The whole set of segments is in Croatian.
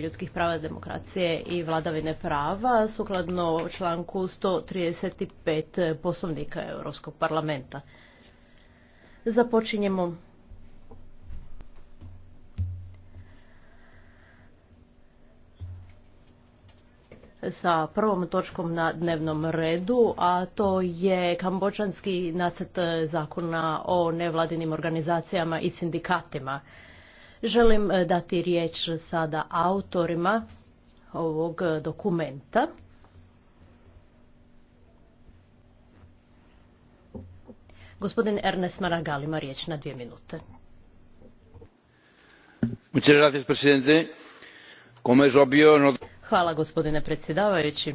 ljudskih prava, demokracije i vladavine prava sukladno članku 135 poslovnika Europskog parlamenta. Započinjemo sa prvom točkom na dnevnom redu, a to je kambočanski nacrt zakona o nevladinim organizacijama i sindikatima. Želim e, dati riječ sada autorima ovog dokumenta. Gospodin Ernest Maragal ima riječ na dvije minute. Hvala gospodine predsjedavajući.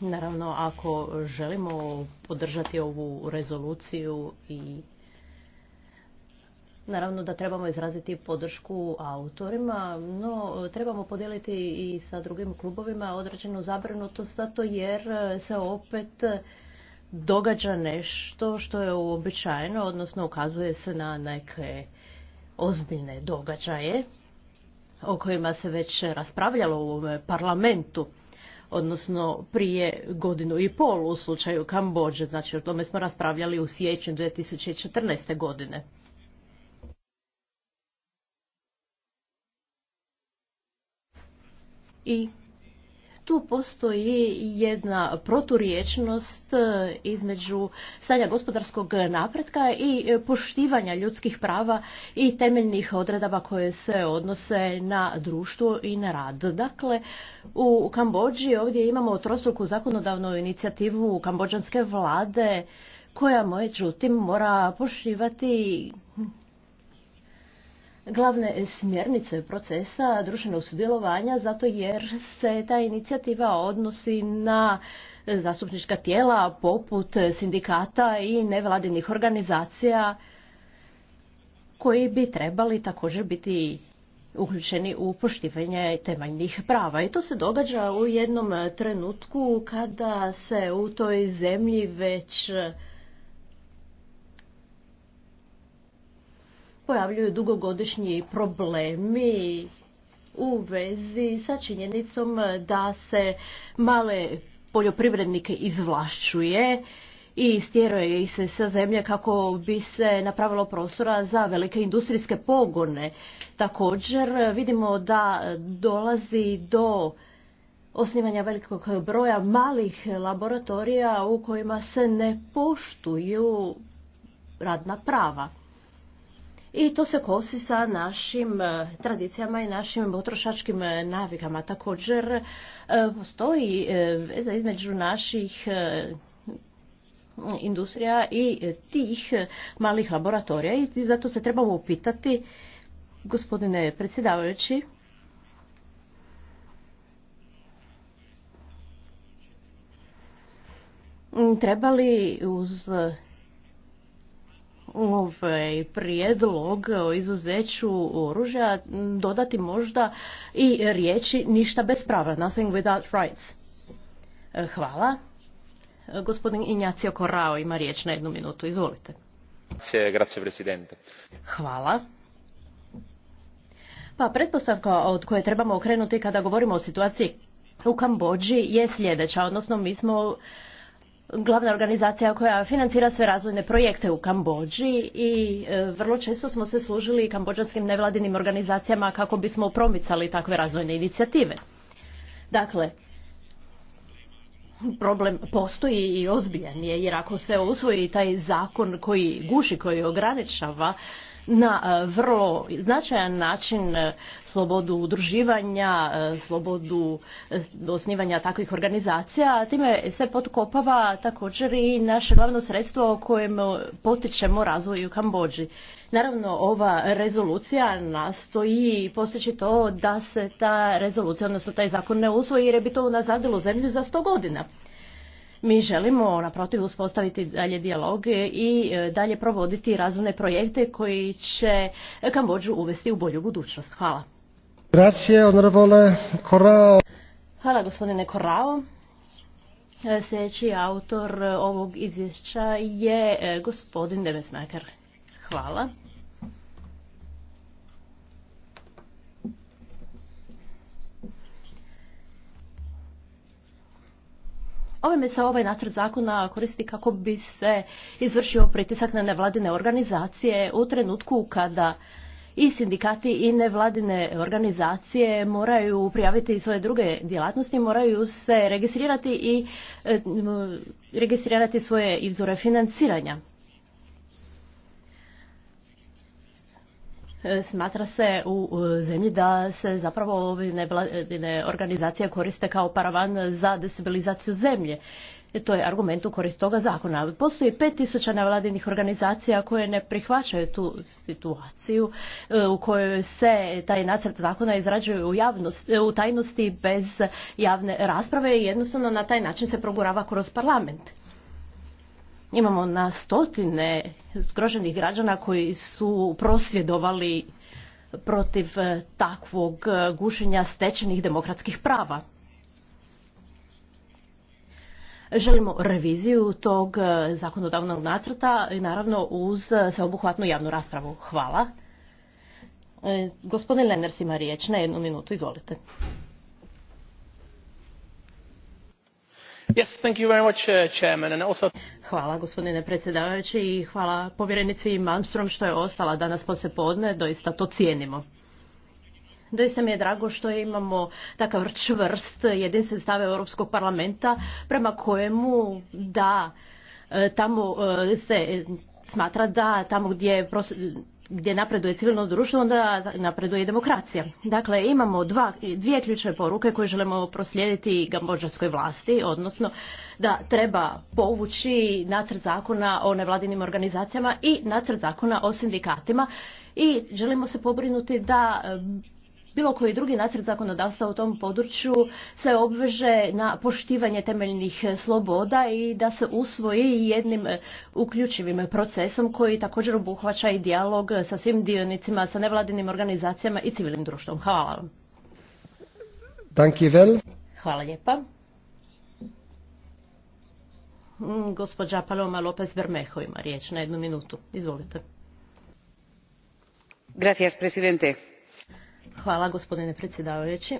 Naravno, ako želimo podržati ovu rezoluciju i Naravno da trebamo izraziti podršku autorima, no trebamo podijeliti i sa drugim klubovima određenu zabrinutost zato jer se opet događa nešto što je uobičajeno, odnosno ukazuje se na neke ozbiljne događaje o kojima se već raspravljalo u ovom parlamentu odnosno prije godinu i pol u slučaju Kambođe. Znači o tome smo raspravljali u sjećnju 2014. godine. I tu postoji jedna proturječnost e, između stanja gospodarskog napretka i e, poštivanja ljudskih prava i temeljnih odredaba koje se odnose na društvo i na rad. Dakle, u Kambođi ovdje imamo trostruku zakonodavnu inicijativu kambođanske vlade koja međutim mora poštivati glavne smjernice procesa društvenog sudjelovanja zato jer se ta inicijativa odnosi na zastupnička tijela poput sindikata i nevladinih organizacija koji bi trebali također biti uključeni u poštivanje temeljnih prava. I to se događa u jednom trenutku kada se u toj zemlji već pojavljuju dugogodišnji problemi u vezi sa činjenicom da se male poljoprivrednike izvlašćuje i stjeruje ih se sa zemlje kako bi se napravilo prostora za velike industrijske pogone. Također vidimo da dolazi do osnivanja velikog broja malih laboratorija u kojima se ne poštuju radna prava i to se kosi sa našim e, tradicijama i našim potrošačkim e, navikama. Također e, postoji veza između naših industrija i tih malih laboratorija i zato se trebamo upitati gospodine predsjedavajući treba li uz ovaj prijedlog o izuzeću oružja dodati možda i riječi ništa bez prava, nothing without rights. E, hvala. E, gospodin Injacio Korao ima riječ na jednu minutu. Izvolite. Grazie, presidente. Hvala. Pa pretpostavka od koje trebamo okrenuti kada govorimo o situaciji u Kambođi je sljedeća, odnosno mi smo glavna organizacija koja financira sve razvojne projekte u Kambođi i e, vrlo često smo se služili kambođanskim nevladinim organizacijama kako bismo promicali takve razvojne inicijative. Dakle, problem postoji i ozbiljan je jer ako se usvoji taj zakon koji guši, koji ograničava na e, vrlo značajan način e, slobodu udruživanja, e, slobodu osnivanja takvih organizacija, a time se potkopava također i naše glavno sredstvo kojem potičemo razvoj u Kambođi. Naravno, ova rezolucija nastoji postići to da se ta rezolucija, odnosno taj zakon ne usvoji jer je bi to nazadilo zemlju za sto godina. Mi želimo naprotiv uspostaviti dalje dijalog i e, dalje provoditi razumne projekte koji će Kambođu uvesti u bolju budućnost. Hvala. Hvala gospodine Corrao. E, sljedeći autor ovog izvješća je e, gospodin Demesmaker. Hvala. Ovime ovaj se ovaj nacrt zakona koristi kako bi se izvršio pritisak na nevladine organizacije u trenutku kada i sindikati i nevladine organizacije moraju prijaviti svoje druge djelatnosti, moraju se registrirati i e, registrirati svoje izvore financiranja. E, smatra se u zemlji da se zapravo ove nevladine organizacije koriste kao paravan za destabilizaciju zemlje. E, to je argument u korist toga zakona. Postoji tisuća nevladinih organizacija koje ne prihvaćaju tu situaciju e, u kojoj se taj nacrt zakona izrađuje u, u tajnosti bez javne rasprave i jednostavno na taj način se progurava kroz parlament. Imamo na stotine zgroženih građana koji su prosvjedovali protiv e, takvog e, gušenja stečenih demokratskih prava. Želimo reviziju tog e, zakonodavnog nacrta i naravno uz sveobuhvatnu javnu raspravu. Hvala. Gospodin Lenners ima riječ na jednu minutu, izvolite. Yes, thank you very much, uh, chairman, and also... Hvala gospodine predsjedavajući i hvala povjerenici Malmstrom što je ostala danas poslijepodne, doista to cijenimo. Doista mi je drago što imamo takav čvrst jedinstven stav Europskog parlamenta prema kojemu da e, tamo e, se smatra da tamo gdje gdje napreduje civilno društvo, onda napreduje i demokracija. Dakle, imamo dva, dvije ključne poruke koje želimo proslijediti gambođanskoj vlasti, odnosno da treba povući nacrt zakona o nevladinim organizacijama i nacrt zakona o sindikatima i želimo se pobrinuti da bilo koji drugi nacrt zakonodavstva u tom području se obveže na poštivanje temeljnih sloboda i da se usvoji jednim e, uključivim procesom koji također obuhvaća i dijalog sa svim dionicima, sa nevladinim organizacijama i civilnim društvom. Hvala vam. Hvala lijepa. Mm, gospođa Paloma López ima riječ na jednu minutu. Izvolite. Gracias, presidente Hvala gospodine predsjedavajući.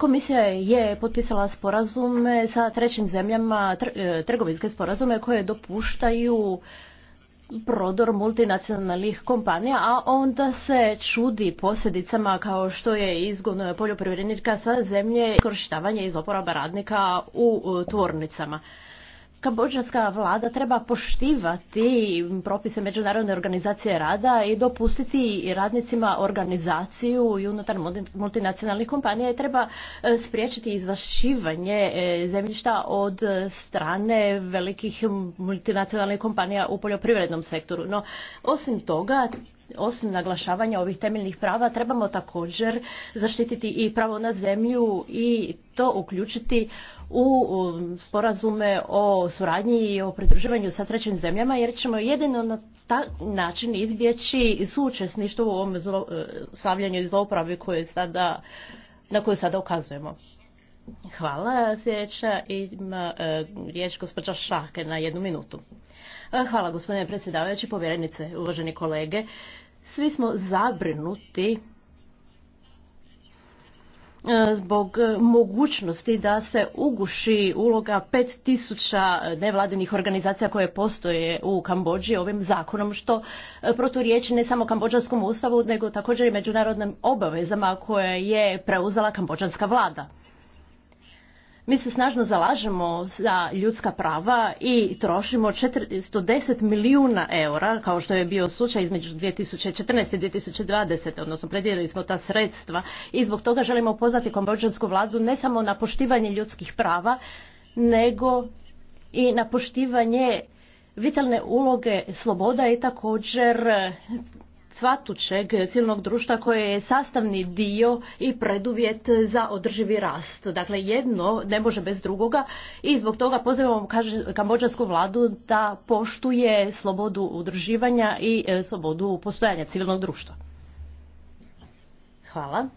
Komisija je potpisala sporazume sa trećim zemljama, e, trgovinske sporazume koje dopuštaju prodor multinacionalnih kompanija, a onda se čudi posljedicama kao što je izgon poljoprivrednika sa zemlje i korištavanje iz oporaba radnika u tvornicama. Kambođanska vlada treba poštivati propise Međunarodne organizacije rada i dopustiti radnicima organizaciju i unutar multinacionalnih kompanija i treba e, spriječiti izvašivanje e, zemljišta od strane velikih multinacionalnih kompanija u poljoprivrednom sektoru. No, osim toga, osim naglašavanja ovih temeljnih prava trebamo također zaštititi i pravo na zemlju i to uključiti u sporazume o suradnji i o pridruživanju sa trećim zemljama jer ćemo jedino na taj način izbjeći sučesništvo u ovom zlo, e, slavljanju i zlopravi koje sada, na koju sada ukazujemo. Hvala. Sljedeća ima e, riječ gospođa Šake na jednu minutu. E, hvala gospodine predsjedavajući, povjerenice, uvaženi kolege. Svi smo zabrinuti e, zbog e, mogućnosti da se uguši uloga 5000 nevladinih organizacija koje postoje u Kambođi ovim zakonom što proturječi ne samo kambođanskom ustavu nego također i međunarodnim obavezama koje je preuzela kambođanska vlada. Mi se snažno zalažemo za ljudska prava i trošimo 410 milijuna eura, kao što je bio slučaj između 2014. i 2020. odnosno predijelili smo ta sredstva i zbog toga želimo upoznati kombođansku vladu ne samo na poštivanje ljudskih prava, nego i na poštivanje vitalne uloge sloboda i također cvatućeg civilnog društva koje je sastavni dio i preduvjet za održivi rast. Dakle, jedno ne može bez drugoga i zbog toga pozivamo kambođansku vladu da poštuje slobodu udruživanja i e, slobodu postojanja civilnog društva. Hvala.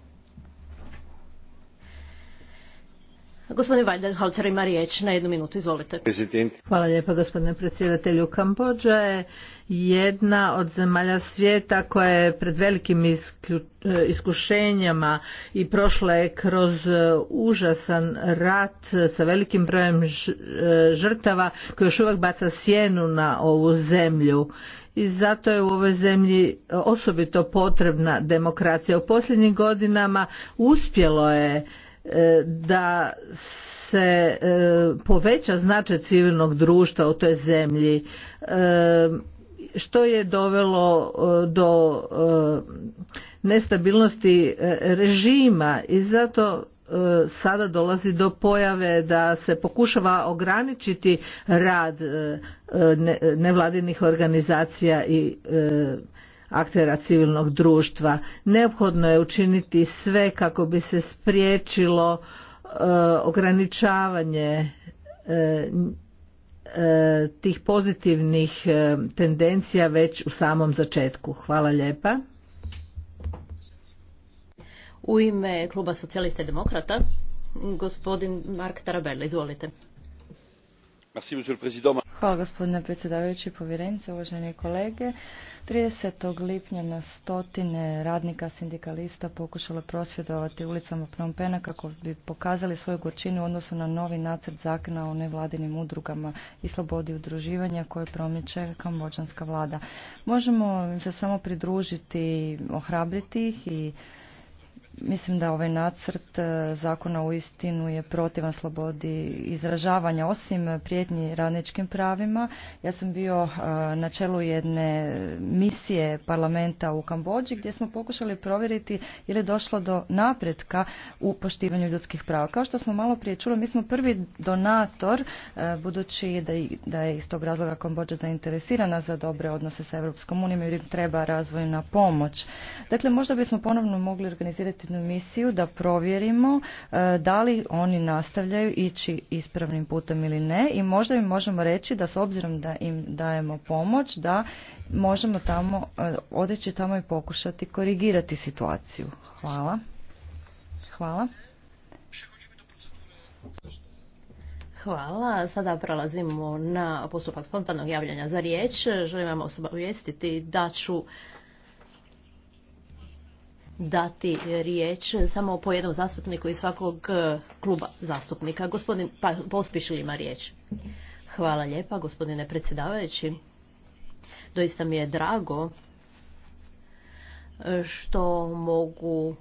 na minutu, izvolite. Hvala lijepa gospodine predsjedatelju. Kambođa je jedna od zemalja svijeta koja je pred velikim eh, iskušenjama i prošla je kroz eh, užasan rat sa velikim brojem eh, žrtava koji još uvijek baca sjenu na ovu zemlju i zato je u ovoj zemlji osobito potrebna demokracija. U posljednjim godinama uspjelo je E, da se e, poveća značaj civilnog društva u toj zemlji e, što je dovelo do nestabilnosti režima i zato sada dolazi do pojave da se pokušava ograničiti rad nevladinih organizacija i aktera civilnog društva. Neophodno je učiniti sve kako bi se spriječilo e, ograničavanje e, e, tih pozitivnih e, tendencija već u samom začetku. Hvala lijepa. U ime kluba socijalista i demokrata, gospodin Mark Tarabella, izvolite. Hvala gospodine predsjedavajući povjerenice, uvaženi kolege. 30. lipnja na stotine radnika sindikalista pokušalo prosvjedovati ulicama Prompena kako bi pokazali svoju gorčinu u odnosu na novi nacrt zakona o nevladinim udrugama i slobodi udruživanja koje promiče kambođanska vlada. Možemo im se samo pridružiti, ohrabriti ih i Mislim da ovaj nacrt e, zakona u istinu je protivan slobodi izražavanja, osim prijetnji radničkim pravima. Ja sam bio e, na čelu jedne misije parlamenta u Kambođi gdje smo pokušali provjeriti je li došlo do napretka u poštivanju ljudskih prava. Kao što smo malo prije čuli, mi smo prvi donator, e, budući da je iz tog razloga Kambođa zainteresirana za dobre odnose sa Europskom unijom jer im treba razvojna pomoć. Dakle, možda bismo ponovno mogli organizirati misiju da provjerimo e, da li oni nastavljaju ići ispravnim putem ili ne i možda im možemo reći da s obzirom da im dajemo pomoć da možemo tamo e, odeći tamo i pokušati korigirati situaciju. Hvala. Hvala. Hvala. Sada prelazimo na postupak spontanog javljanja za riječ. Želim vam obavijestiti da ću dati riječ samo po jednom zastupniku iz svakog e, kluba zastupnika. Gospodin pa, Pospišil ima riječ. Hvala lijepa, gospodine predsjedavajući. Doista mi je drago što mogu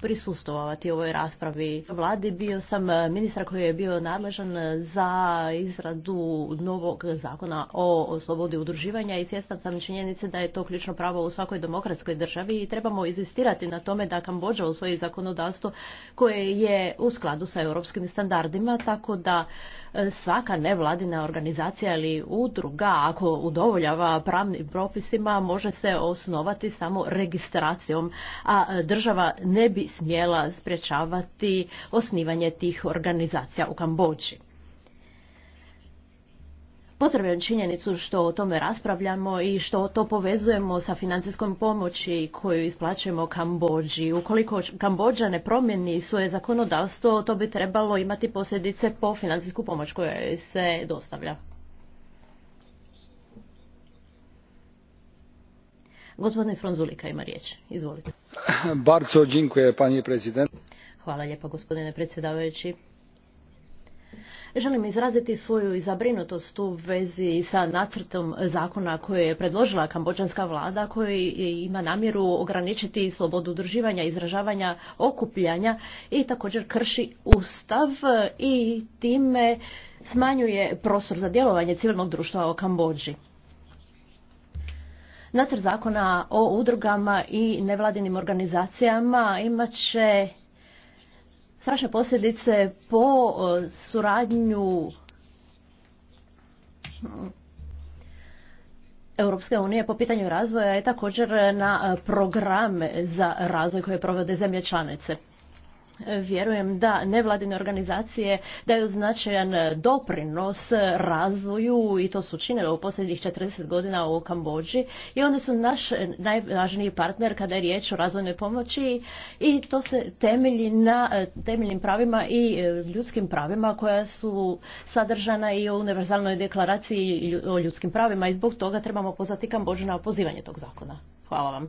prisustovati ovoj raspravi. Vladi bio sam ministar koji je bio nadležan za izradu novog zakona o slobodi udruživanja i svjestan sam činjenice da je to ključno pravo u svakoj demokratskoj državi i trebamo izistirati na tome da Kambođa svoje zakonodavstvo koje je u skladu sa europskim standardima, tako da E, svaka nevladina organizacija ili udruga ako udovoljava pravnim propisima može se osnovati samo registracijom, a e, država ne bi smjela sprječavati osnivanje tih organizacija u Kambođi. Pozdravljam činjenicu što o tome raspravljamo i što to povezujemo sa financijskom pomoći koju isplaćujemo Kambođi. Ukoliko Kambođa ne promjeni svoje zakonodavstvo, to bi trebalo imati posljedice po financijsku pomoć koja se dostavlja. Gospodin Fronzulika ima riječ. Izvolite. Hvala lijepa, gospodine predsjedavajući. Želim izraziti svoju zabrinutost u vezi sa nacrtom zakona koje je predložila kambođanska vlada koji ima namjeru ograničiti slobodu udruživanja, izražavanja, okupljanja i također krši ustav i time smanjuje prostor za djelovanje civilnog društva u Kambođi. Nacrt zakona o udrugama i nevladinim organizacijama imat će strašne posljedice po e, suradnju e, Europske unije po pitanju razvoja je također na e, program za razvoj koje provode zemlje članice vjerujem da nevladine organizacije daju značajan doprinos razvoju i to su činile u posljednjih 40 godina u Kambođi i one su naš najvažniji partner kada je riječ o razvojnoj pomoći i to se temelji na temeljnim pravima i e, ljudskim pravima koja su sadržana i u univerzalnoj deklaraciji o ljudskim pravima i zbog toga trebamo pozvati Kambođu na pozivanje tog zakona. Hvala vam.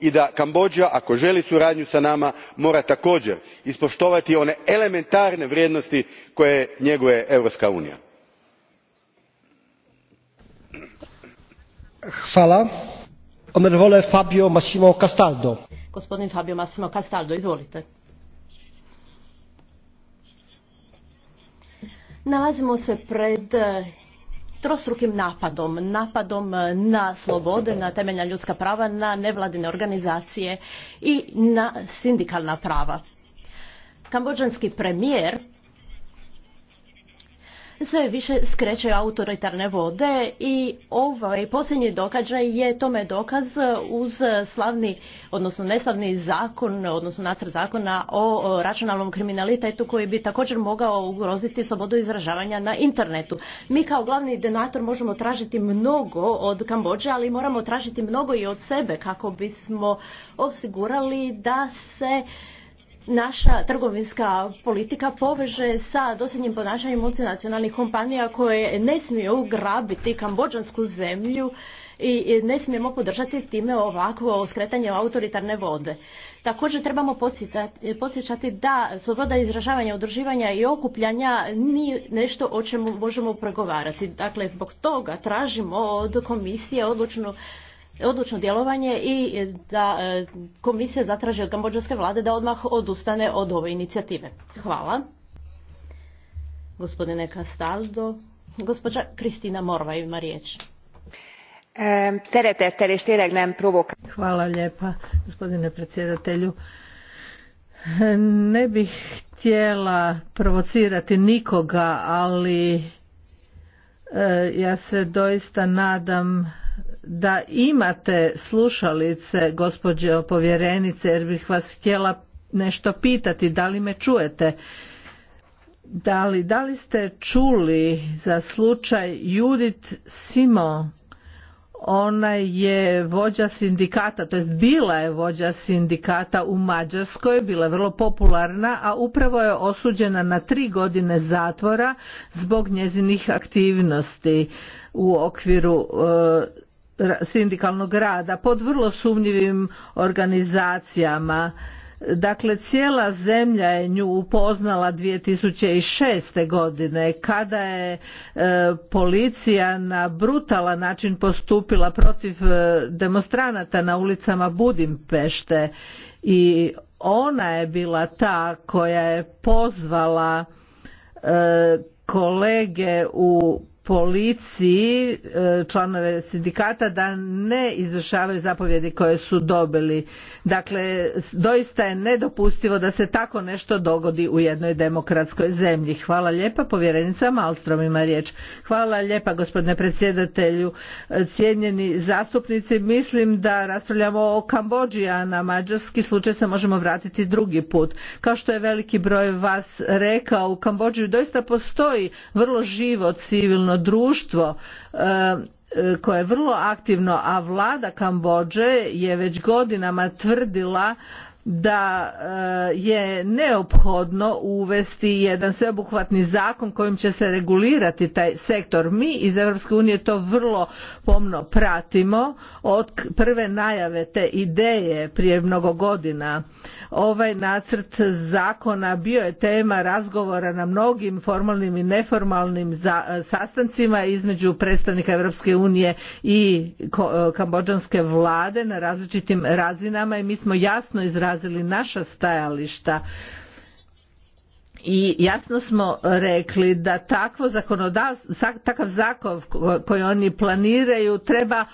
i da kambodža ako želi suradnju sa nama mora također ispoštovati one elementarne vrijednosti koje njeguje europska unija. Fabio Massimo Castaldo. Gospodin Fabio Massimo Castaldo, izvolite. Nalazimo se pred trostrukim napadom. Napadom eh, na slobode, na temeljna ljudska prava, na nevladine organizacije i na sindikalna prava. Kambođanski premijer sve više skreće autoritarne vode i ovaj posljednji događaj je tome dokaz uz slavni, odnosno neslavni zakon, odnosno nacrt zakona o računalnom kriminalitetu koji bi također mogao ugroziti slobodu izražavanja na internetu. Mi kao glavni denator možemo tražiti mnogo od Kambođe, ali moramo tražiti mnogo i od sebe kako bismo osigurali da se naša trgovinska politika poveže sa dosljednim ponašanjem multinacionalnih kompanija koje ne smiju grabiti Kambodžansku zemlju i ne smijemo podržati time ovakvo skretanje u autoritarne vode. Također trebamo podsjećati da sloboda izražavanja, udruživanja i okupljanja nije nešto o čemu možemo pregovarati. Dakle, zbog toga tražimo od komisije odlučnu odlučno djelovanje i e, da e, komisija zatraži od kambođanske vlade da odmah odustane od ove inicijative. Hvala. Gospodine Castaldo. Gospođa Kristina Morva ima riječ. E, Hvala lijepa gospodine predsjedatelju. Ne bih htjela provocirati nikoga, ali ja se doista nadam da imate slušalice gospođe povjerenice jer bih vas htjela nešto pitati da li me čujete da li, da li ste čuli za slučaj Judith Simo ona je vođa sindikata, to jest bila je vođa sindikata u Mađarskoj, bila je vrlo popularna, a upravo je osuđena na tri godine zatvora zbog njezinih aktivnosti u okviru e, sindikalnog rada pod vrlo sumnjivim organizacijama. Dakle, cijela zemlja je nju upoznala 2006. godine kada je e, policija na brutalan način postupila protiv e, demonstranata na ulicama Budimpešte i ona je bila ta koja je pozvala e, kolege u policiji e, članove sindikata da ne izvršavaju zapovjedi koje su dobili. Dakle, doista je nedopustivo da se tako nešto dogodi u jednoj demokratskoj zemlji. Hvala lijepa povjerenica Malstrom ima riječ. Hvala lijepa gospodine predsjedatelju. E, cijenjeni zastupnici, mislim da raspravljamo o kambodži a na mađarski slučaj se možemo vratiti drugi put. Kao što je veliki broj vas rekao, u kambodži doista postoji vrlo živo civilno društvo e, koje je vrlo aktivno, a vlada Kambođe je već godinama tvrdila da e, je neophodno uvesti jedan sveobuhvatni zakon kojim će se regulirati taj sektor. Mi iz Europske unije to vrlo pomno pratimo od prve najave te ideje prije mnogo godina. Ovaj nacrt zakona bio je tema razgovora na mnogim formalnim i neformalnim e, sastancima između predstavnika Europske unije i e, Kambodžanske vlade na različitim razinama i mi smo jasno izrazili izrazili naša stajališta i jasno smo rekli da takvo takav zakon koji oni planiraju treba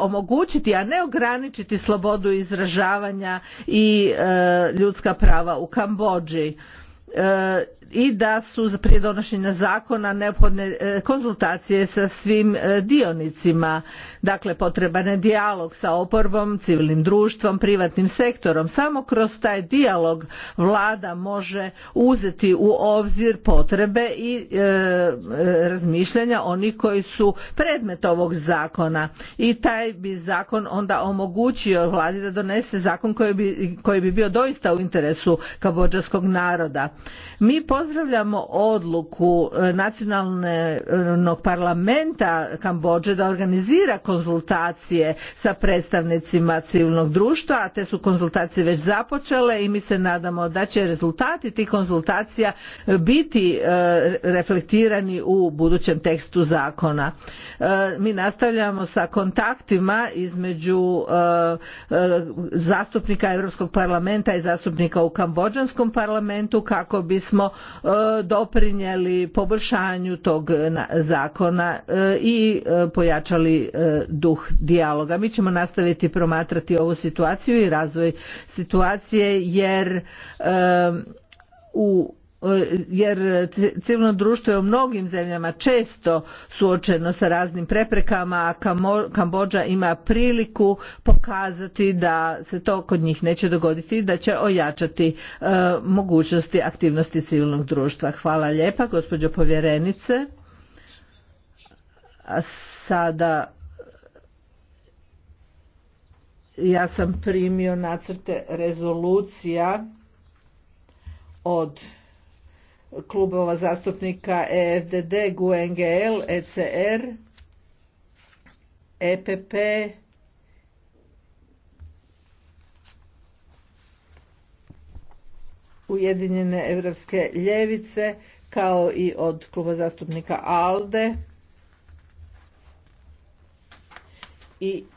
omogućiti, a ne ograničiti slobodu izražavanja i e, ljudska prava u Kambođi. E, i da su prije donošenja zakona neophodne e, konzultacije sa svim e, dionicima. Dakle, potreban je dijalog sa oporbom, civilnim društvom, privatnim sektorom. Samo kroz taj dijalog vlada može uzeti u obzir potrebe i e, razmišljanja onih koji su predmet ovog zakona. I taj bi zakon onda omogućio vladi da donese zakon koji bi, koji bi bio doista u interesu kabođarskog naroda. Mi Pozdravljamo odluku e, nacionalnog parlamenta Kambođe da organizira konzultacije sa predstavnicima civilnog društva, a te su konzultacije već započele i mi se nadamo da će rezultati tih konzultacija biti e, reflektirani u budućem tekstu zakona. E, mi nastavljamo sa kontaktima između zastupnika Europskog parlamenta i zastupnika u Kambodžanskom parlamentu kako bismo E, doprinijeli poboljšanju tog zakona e, i e, pojačali duh dijaloga. Mi ćemo nastaviti promatrati ovu situaciju i razvoj situacije jer u E, jer e, civilno društvo je u mnogim zemljama često suočeno sa raznim preprekama a Kambodža ima priliku pokazati da se to kod njih neće dogoditi i da će ojačati e, mogućnosti aktivnosti civilnog društva. Hvala lijepa gospođo povjerenice. A sada ja sam primio nacrte rezolucija od klubova zastupnika EFDD, GUNGL, e ECR, EPP, Ujedinjene evropske ljevice, kao i od kluba zastupnika ALDE i